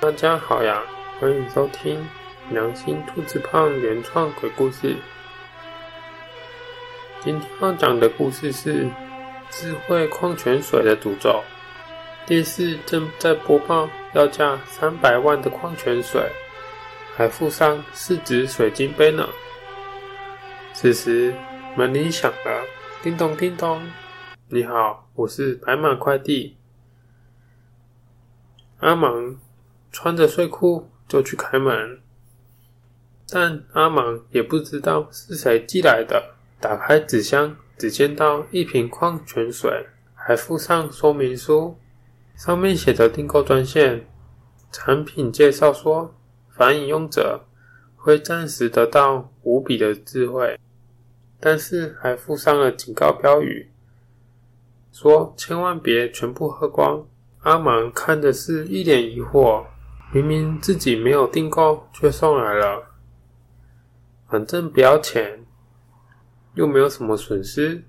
大家好呀，歡迎收聽《良心兔子胖》原創鬼故事。今天要講的故事是《智慧礦泉水的詛咒》。電視正在播放要價三百萬的礦泉水，還附上四隻水晶杯呢。此時門鈴響了，叮咚叮咚。你好，我是白馬快遞阿芒。穿着睡褲就去開門，但阿芒也不知道是誰寄來的。打開紙箱，只見到一瓶礦泉水，還附上說明書，上面寫着訂購專線。產品介紹說，凡飲用者會暫時得到無比的智慧，但是還附上了警告標語，說千萬別全部喝光。阿芒看的是一臉疑惑。明明自己沒有訂購，卻送來了。反正不要錢，又沒有什麼損失。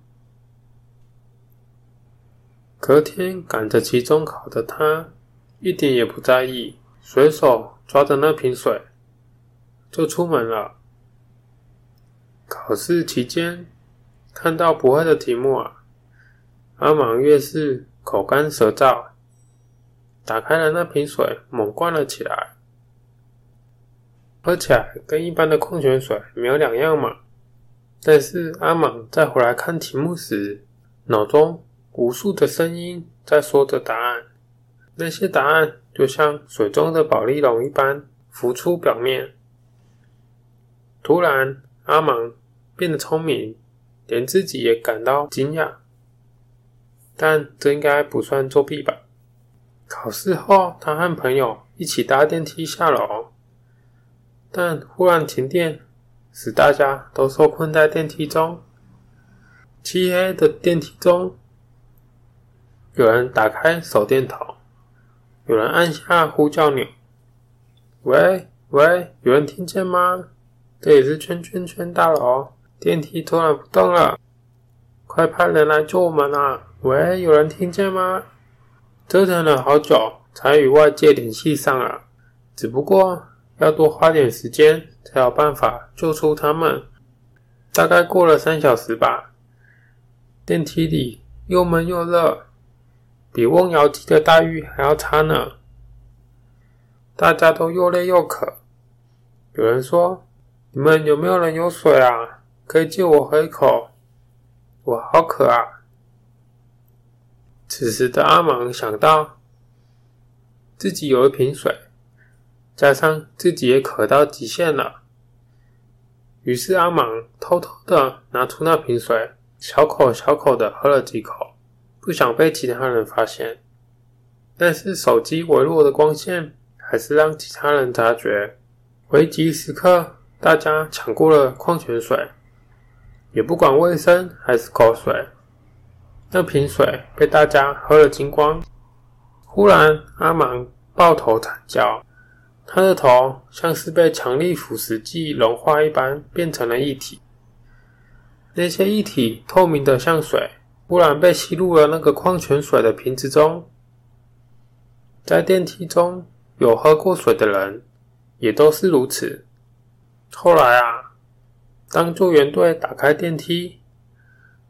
隔天趕着期中考的他，一點也不在意，隨手抓着那瓶水就出門了。考試期間，看到不會的題目啊，阿滿越是口乾舌燥。打開了那瓶水，猛灌了起來。喝起來跟一般的礦泉水沒有兩樣嘛。但是阿芒再回來看題目時，腦中無數的聲音在說着答案，那些答案就像水中的寶麗龍一般浮出表面。突然，阿芒變得聰明，連自己也感到驚訝。但這應該不算作弊吧？考試後，他和朋友一起搭電梯下樓，但忽然停電，使大家都受困在電梯中。漆黑的電梯中，有人打開手電筒，有人按下呼叫鈕。喂喂，有人聽見嗎？這裡是圈圈圈大樓，電梯突然不動了，快派人來救我們啊！喂，有人聽見嗎？折騰了好久，才與外界聯繫上了啊，只不過要多花點時間才有辦法救出他們。大概過了三小時吧，電梯裡又悶又熱，比甕窯雞的待遇還要差呢。大家都又累又渴，有人說：“你們有沒有人有水啊？可以借我喝一口？我好渴啊！”此時的阿芒想到，自己有一瓶水，加上自己也渴到極限了，於是阿芒偷偷的拿出那瓶水，小口小口的喝了幾口，不想被其他人發現。但是手機微弱的光線還是讓其他人察覺。危急時刻，大家搶過了礦泉水，也不管衛生還是口水。那瓶水被大家喝了精光。忽然，阿芒抱頭慘叫，他的頭像是被強力腐蝕劑劑融化一般，變成了液體。那些液體透明的像水，忽然被吸入了那個礦泉水的瓶子中。在電梯中有喝過水的人，也都是如此。後來啊，當救援隊打開電梯。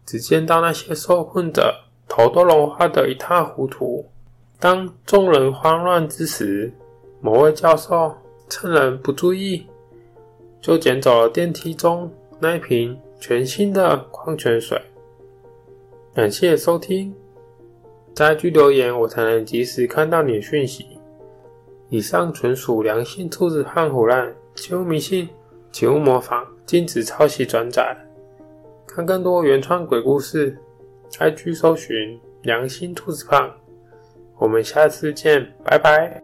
只見到那些受困者，頭都融化得一塌糊塗。當眾人慌亂之時，某位教授趁人不注意，就撿走了電梯中那瓶全新的礦泉水。感謝收聽，在 IG 留言我才能及時看到你的訊息。以上純屬良心兔子胖唬爛，請勿迷信，請勿模仿，禁止抄襲轉載。看更多原創鬼故事，IG 搜尋良心兔子胖。我們下次見，拜拜。